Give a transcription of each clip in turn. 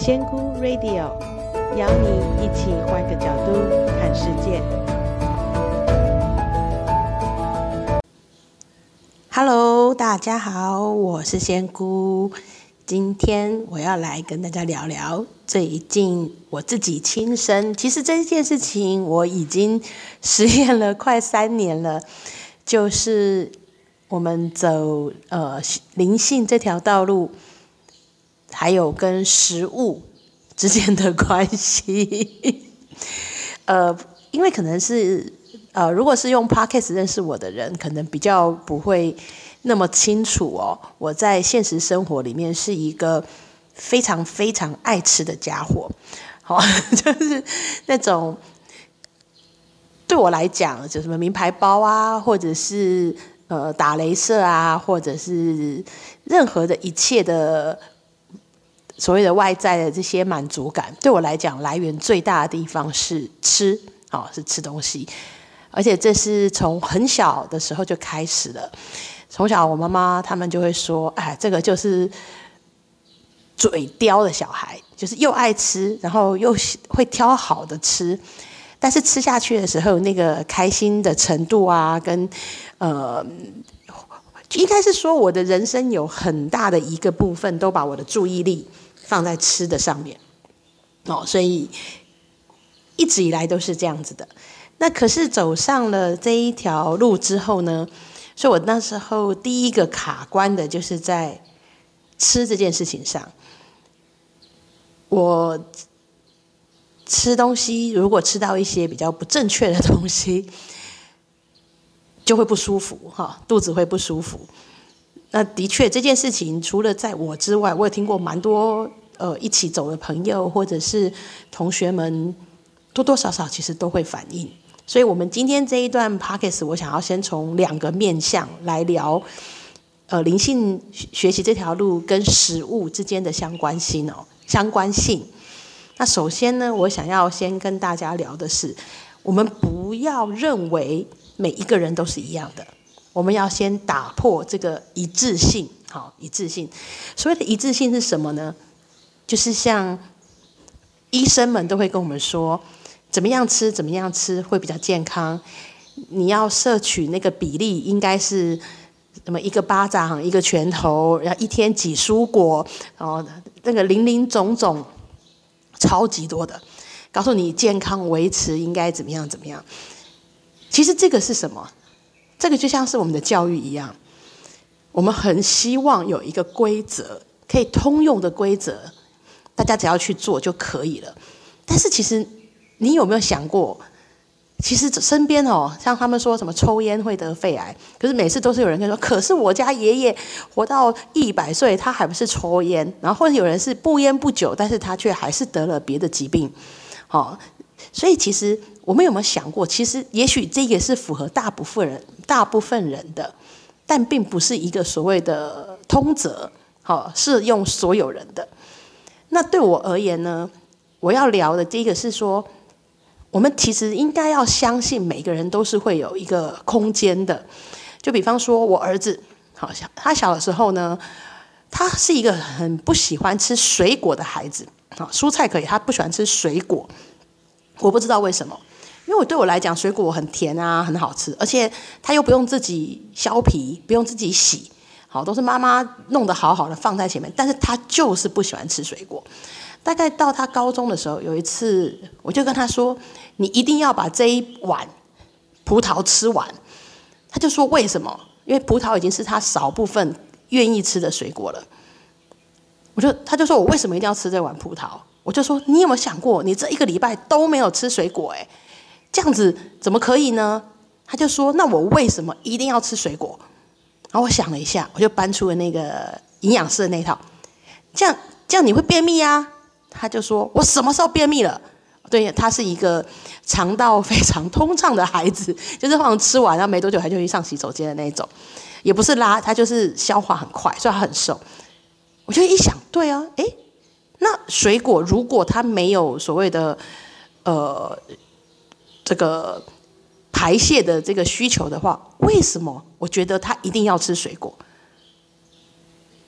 仙姑 Radio 邀你一起換個角度看世界。Hello，大家好，我是仙姑。今天我要來跟大家聊聊最近我自己親身，其實這件事情我已經實驗了快三年了，就是我們走呃靈性這條道路。還有跟食物之間的關係，呃，因為可能是呃，如果是用 Podcast 認識我的人，可能比較不會那麼清楚哦。我在現實生活裡面是一個非常非常愛吃的家伙，好、哦，就是那種對我來講，就什麼名牌包啊，或者是呃打雷射啊，或者是任何的一切的。所謂的外在的這些滿足感，對我來講來源最大的地方是吃，啊，是吃東西，而且這是從很小的時候就開始了。從小我媽媽他們就會說：“哎，這個就是嘴刁的小孩，就是又愛吃，然後又會挑好的吃，但是吃下去的時候，那個開心的程度啊，跟呃，應該是說我的人生有很大的一個部分，都把我的注意力。”放在吃的上面，哦，所以一直以來都是這樣子的。那可是走上了這一條路之後呢，所以我那時候第一個卡關的就是在吃這件事情上。我吃東西如果吃到一些比較不正確的東西，就會不舒服哈，哦，肚子會不舒服。那的確這件事情除了在我之外，我也聽過蠻多。呃，一起走的朋友或者是同學們，多多少少其實都會反映。所以，我們今天這一段 Podcast，我想要先從兩個面向來聊，呃，靈性學習這條路跟食物之間的相關性哦，相關性。那首先呢，我想要先跟大家聊的是，我們不要認為每一個人都是一樣的，我們要先打破這個一致性。好、哦，一致性，所謂的一致性是什麼呢？就是像醫生們都會跟我們說，怎麼樣吃、怎麼樣吃會比較健康。你要攝取那個比例，應該是什麼一個巴掌一個拳頭，然後一天幾蔬果，然後那個林林總總超級多的，告訴你健康維持應該怎麼樣、怎麼樣。其實這個是什麼？這個就像是我們的教育一樣，我們很希望有一個規則，可以通用的規則。大家只要去做就可以了，但是其實你有沒有想過，其實身邊哦，像他們說什麼抽煙會得肺癌，可是每次都是有人跟說，可是我家爺爺活到一百歲，他還不是抽煙，然後或者有人是不煙不酒，但是他卻還是得了別的疾病。好，所以其實我們有沒有想過，其實也許這也是符合大部分人、大部分人的，但并不是一個所謂的通則。好，適用所有人的。那對我而言呢，我要聊的第一個是說，我們其實應該要相信每個人都是會有一個空間的。就比方說，我兒子好像他小的時候呢，他是一個很不喜歡吃水果的孩子。好，蔬菜可以，他不喜歡吃水果。我不知道為什麼，因為我對我來講，水果很甜啊，很好吃，而且他又不用自己削皮，不用自己洗。好，都是媽媽弄得好好的，放在前面，但是她就是不喜歡吃水果。大概到她高中的時候，有一次我就跟她說：“你一定要把這一碗葡萄吃完。”她就說：“為什麼？因為葡萄已經是她少部分願意吃的水果了。”我就她就說：“我為什麼一定要吃這碗葡萄？”我就說：“你有沒有想過，你這一個禮拜都沒有吃水果，欸？哎，這樣子怎麼可以呢？”她就說：“那我為什麼一定要吃水果？”然後我想了一下，我就搬出了那個營養師的那一套，這樣這樣你會便祕啊。他就說：“我什麼時候便祕了？”對，他是一個腸道非常通暢的孩子，就是好像吃完然後沒多久他就去上洗手間的那一種，也不是拉，他就是消化很快，所以他很瘦。我就一想，對啊，誒，那水果如果他沒有所謂的呃這個。排泄的這個需求的話，為什麼我覺得他一定要吃水果？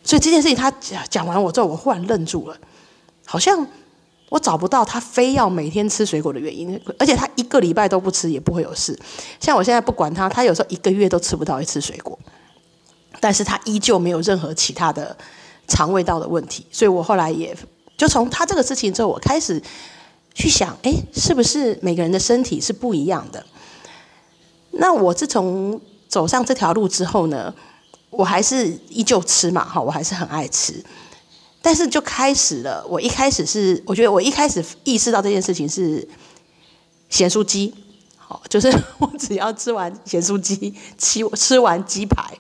所以這件事情他講講完我之後，我忽然愣住了，好像我找不到他非要每天吃水果的原因。而且他一個禮拜都不吃也不會有事。像我現在不管他，他有時候一個月都吃不到一次水果，但是他依舊沒有任何其他的腸胃道的問題。所以我後來也就從他這個事情之後，我開始去想，哎，是不是每個人的身體是不一樣的？那我自從走上這條路之後呢，我還是依舊吃嘛哈,我還是很愛吃，但是就開始了。我一開始是我覺得我一開始意識到這件事情是鹹酥雞，好，就是我只要吃完鹹酥雞，吃完雞排，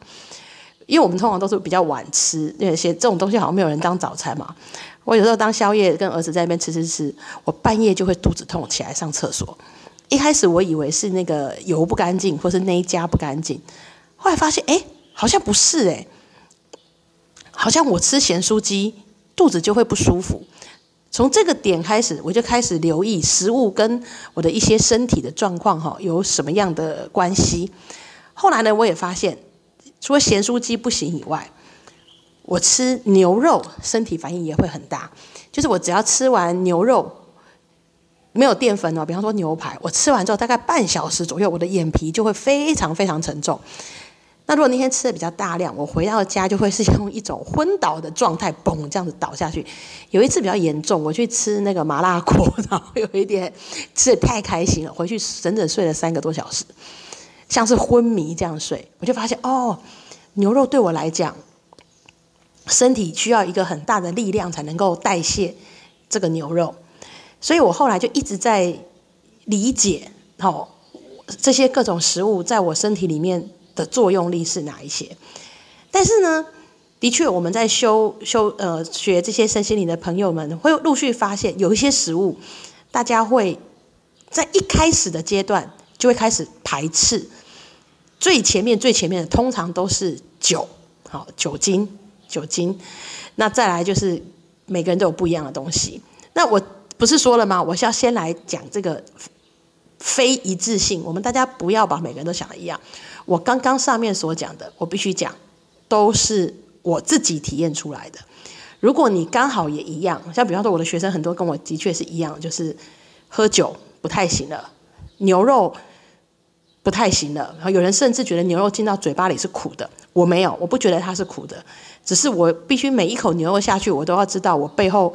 因為我們通常都是比較晚吃，因為鹹這種東西好像沒有人當早餐嘛。我有時候當宵夜跟兒子在那邊吃吃吃，我半夜就會肚子痛，起來上廁所。一開始我以為是那個油不乾淨，或是那一家不乾淨。後來發現，哎，好像不是哎，好像我吃鹹酥雞肚子就會不舒服。從這個點開始，我就開始留意食物跟我的一些身體的狀況哈，有什麼樣的關係。後來呢，我也發現，除了鹹酥雞不行以外，我吃牛肉身體反應也會很大，就是我只要吃完牛肉。沒有澱粉哦，比方說牛排，我吃完之後大概半小時左右，我的眼皮就會非常非常沉重。那如果那天吃得比較大量，我回到家就會是用一種昏倒的狀態，嘣這樣子倒下去。有一次比較嚴重，我去吃那個麻辣鍋，然後有一點吃得太開心了，回去整整睡了三個多小時，像是昏迷這樣睡。我就發現哦，牛肉對我來講，身體需要一個很大的力量才能夠代謝這個牛肉。所以我後來就一直在理解，哦，這些各種食物在我身體裡面的作用力是哪一些？但是呢，的確我們在修修呃學這些身心靈的朋友們會陸續發現，有一些食物大家會在一開始的階段就會開始排斥。最前面最前面的通常都是酒，好、哦、酒精酒精，那再來就是每個人都有不一樣的東西。那我。不是說了嗎？我是要先來講這個非一致性。我們大家不要把每個人都想的一樣。我剛剛上面所講的，我必須講，都是我自己體驗出來的。如果你剛好也一樣，像比方說我的學生很多跟我的確是一樣，就是喝酒不太行了，牛肉不太行了。然後有人甚至覺得牛肉進到嘴巴裡是苦的，我沒有，我不覺得它是苦的。只是我必須每一口牛肉下去，我都要知道我背後。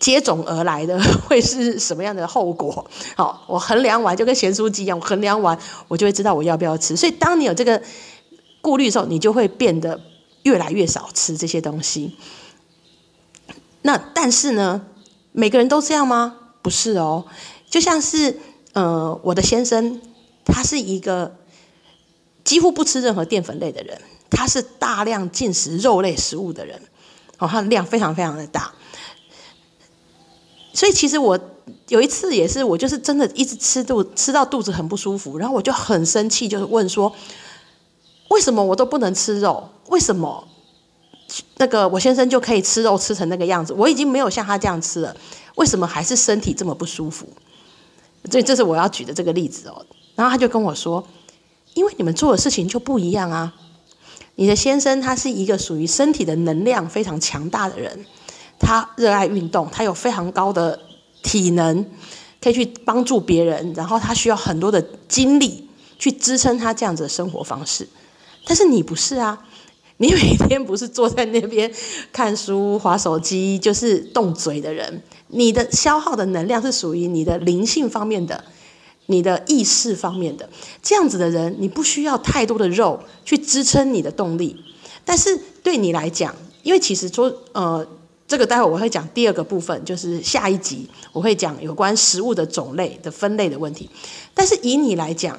接踵而來的會是什麼樣的後果？好，我衡量完就跟鹹酥雞一樣，我衡量完我就會知道我要不要吃。所以，當你有這個顧慮的時候，你就會變得越來越少吃這些東西。那但是呢，每個人都這樣嗎？不是哦。就像是呃，我的先生，他是一個幾乎不吃任何澱粉類的人，他是大量進食肉類食物的人，哦，他的量非常非常的大。所以其實我有一次也是，我就是真的一直吃肚，吃到肚子很不舒服，然後我就很生氣，就是問說，為什麼我都不能吃肉？為什麼那個我先生就可以吃肉吃成那個樣子？我已經沒有像他這樣吃了，為什麼還是身體這麼不舒服？所以這是我要舉的這個例子哦。然後他就跟我說，因為你們做的事情就不一樣啊。你的先生他是一個屬於身體的能量非常強大的人。他熱愛運動，他有非常高的體能，可以去幫助別人。然後他需要很多的精力去支撐他這樣子的生活方式。但是你不是啊，你每天不是坐在那邊看書、滑手機，就是動嘴的人。你的消耗的能量是屬於你的靈性方面的，你的意識方面的。這樣子的人，你不需要太多的肉去支撐你的動力。但是對你來講，因為其實說呃。這個待會我會講第二個部分，就是下一集我會講有關食物的種類的分類的問題。但是以你來講，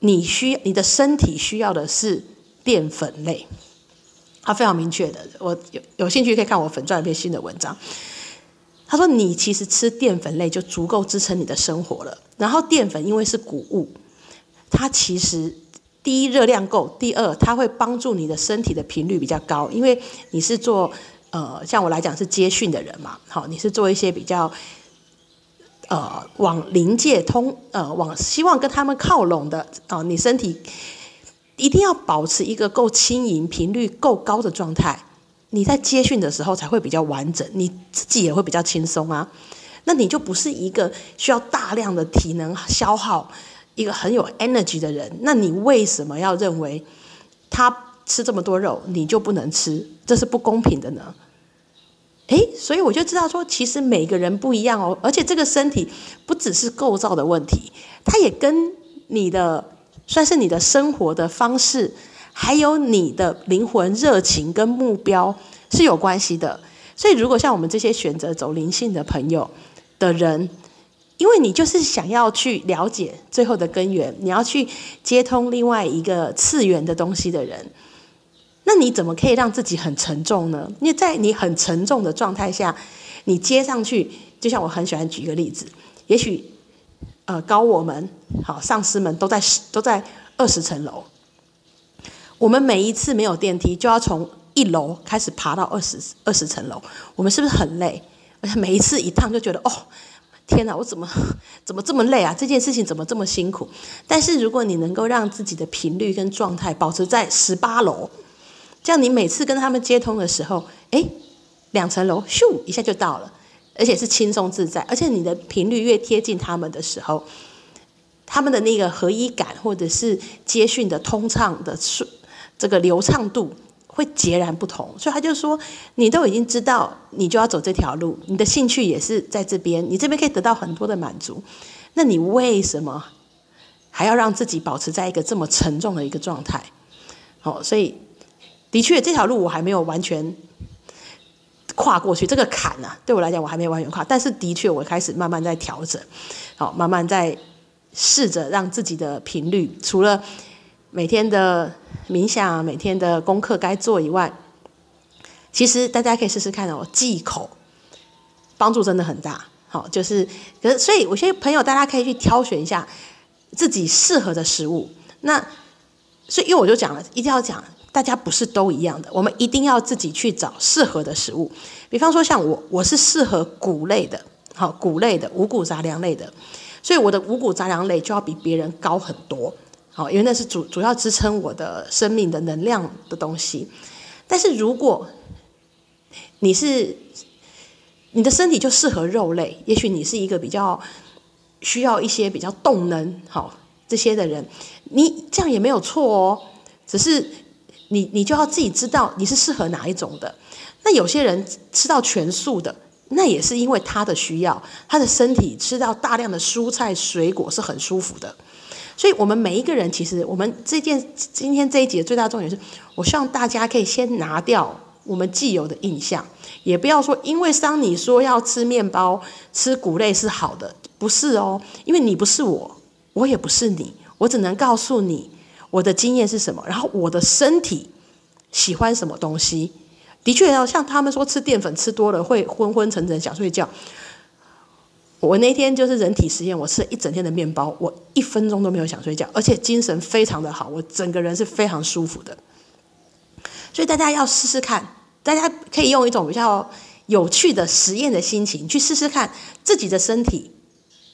你需要你的身體需要的是澱粉類，他非常明確的。我有有興趣可以看我粉專一篇新的文章。他說你其實吃澱粉類就足夠支撐你的生活了。然後澱粉因為是穀物，它其實第一熱量夠，第二它會幫助你的身體的頻率比較高，因為你是做。呃，像我來講是接訊的人嘛，好、哦，你是做一些比較，呃，往靈界通，呃，往希望跟他們靠攏的，呃、你身體一定要保持一個夠輕盈、頻率夠高的狀態，你在接訊的時候才會比較完整，你自己也會比較輕鬆啊。那你就不是一個需要大量的體能消耗、一個很有 energy 的人，那你為什麼要認為他？吃這麼多肉，你就不能吃，這是不公平的呢。誒，所以我就知道說，其實每個人不一樣哦，而且這個身體不只是構造的問題，它也跟你的算是你的生活的方式，還有你的靈魂熱情跟目標是有關係的。所以，如果像我們這些選擇走靈性的朋友的人，因為你就是想要去了解最後的根源，你要去接通另外一個次元的東西的人。那你怎麼可以讓自己很沉重呢？因為在你很沉重的狀態下，你接上去，就像我很喜歡舉一個例子，也許，呃，高我們好上師們，都在十，都在二十層樓，我們每一次沒有電梯就要從一樓開始爬到二十二十層樓，我們是不是很累？我每一次一趟就覺得哦，天哪，我怎麼怎麼這麼累啊？這件事情怎麼這麼辛苦？但是如果你能夠讓自己的頻率跟狀態保持在十八樓，這樣，你每次跟他們接通的時候，哎，兩層樓咻一下就到了，而且是輕鬆自在。而且你的頻率越貼近他們的時候，他們的那個合一感，或者是接訊的通暢的順，這個流暢度會截然不同。所以他就說：“你都已經知道，你就要走這條路，你的興趣也是在這邊，你這邊可以得到很多的滿足。那你為什麼還要讓自己保持在一個這麼沉重的一個狀態？好、哦，所以。”的確，這條路我還沒有完全跨過去，這個坎啊，對我來講我還沒有完全跨。但是，的確我開始慢慢在調整，好、哦，慢慢在試着讓自己的頻率，除了每天的冥想、每天的功課該做以外，其實大家可以試試看哦，忌口幫助真的很大。好、哦，就是，可是，所以我先有朋友大家可以去挑選一下自己適合的食物。那所以，因為我就講了，一定要講。大家不是都一樣的，我們一定要自己去找適合的食物。比方說，像我，我是適合穀類的，好，穀類的五穀雜糧類的，所以我的五穀雜糧類就要比別人高很多，好，因為那是主主要支撐我的生命的能量的東西。但是，如果你是你的身體就適合肉類，也許你是一個比較需要一些比較動能，好，這些的人，你這樣也沒有錯哦，只是。你你就要自己知道你是適合哪一種的。那有些人吃到全素的，那也是因為他的需要，他的身體吃到大量的蔬菜水果是很舒服的。所以，我們每一個人其實，我們這件今天這一集的最大重點是，我希望大家可以先拿掉我們既有的印象，也不要說因為當你說要吃麵包、吃穀類是好的，不是哦，因為你不是我，我也不是你，我只能告訴你。我的經驗是什麼？然後我的身體喜歡什麼東西？的確，要像他們說，吃澱粉吃多了會昏昏沉沉，想睡覺。我那天就是人體實驗，我吃了一整天的麵包，我一分鐘都沒有想睡覺，而且精神非常的好，我整個人是非常舒服的。所以大家要試試看，大家可以用一種比較有趣的實驗的心情去試試看自己的身體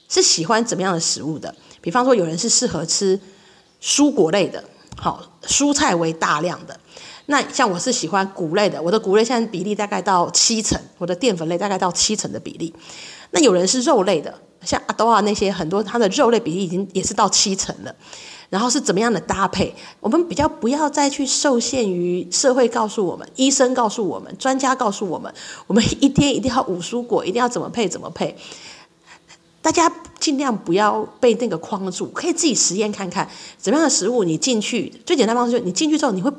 是喜歡怎麼樣的食物的。比方說，有人是適合吃。蔬果類的，好，蔬菜為大量的。那像我是喜歡穀類的，我的穀類現在比例大概到七成，我的澱粉類大概到七成的比例。那有人是肉類的，像阿多啊那些，很多他的肉類比例已經也是到七成了。然後是怎麼樣的搭配？我們比較不要再去受限於社會告訴我們、醫生告訴我們、專家告訴我們，我們一天一定要五蔬果，一定要怎麼配怎麼配。大家，盡量不要被那個框住，可以自己實驗看看，怎麼樣的食物你進去，最簡單方式就是你進去之後你會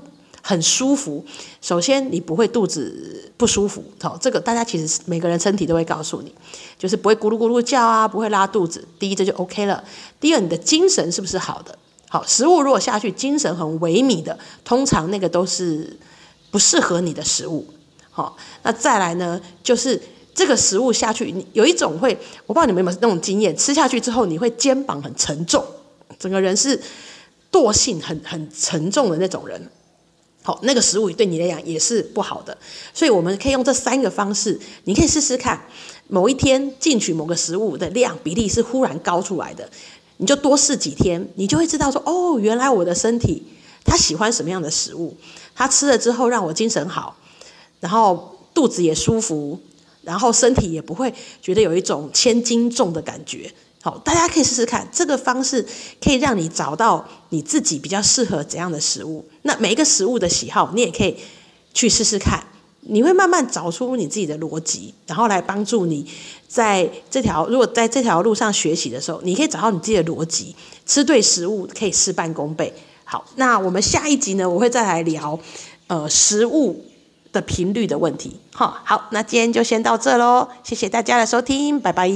很舒服。首先，你不會肚子不舒服，好，這個大家其實每個人身體都會告訴你，就是不會咕嚕咕嚕叫啊，不會拉肚子。第一，這就 OK 了。第二，你的精神是不是好的？好，食物如果下去精神很萎靡的，通常那個都是不適合你的食物。好，那再來呢，就是。這個食物下去，有一種會，我不知道你們有沒有那種經驗，吃下去之後，你會肩膀很沉重，整個人是惰性很很沉重的那種人。好，那個食物對你來講也是不好的，所以我們可以用這三個方式，你可以試試看，某一天進去某個食物的量比例是忽然高出來的，你就多試幾天，你就會知道說，哦，原來我的身體他喜歡什麼樣的食物，他吃了之後讓我精神好，然後肚子也舒服。然後身體也不會覺得有一種千斤重的感覺，好，大家可以試試看這個方式，可以讓你找到你自己比較適合怎樣的食物。那每一個食物的喜好，你也可以去試試看，你會慢慢找出你自己的邏輯，然後來幫助你在這條如果在這條路上學習的時候，你可以找到你自己的邏輯，吃對食物可以事半功倍。好，那我們下一集呢，我會再來聊，呃，食物的頻率的問題，哈，好，那今天就先到這嘍，謝謝大家的收聽，拜拜。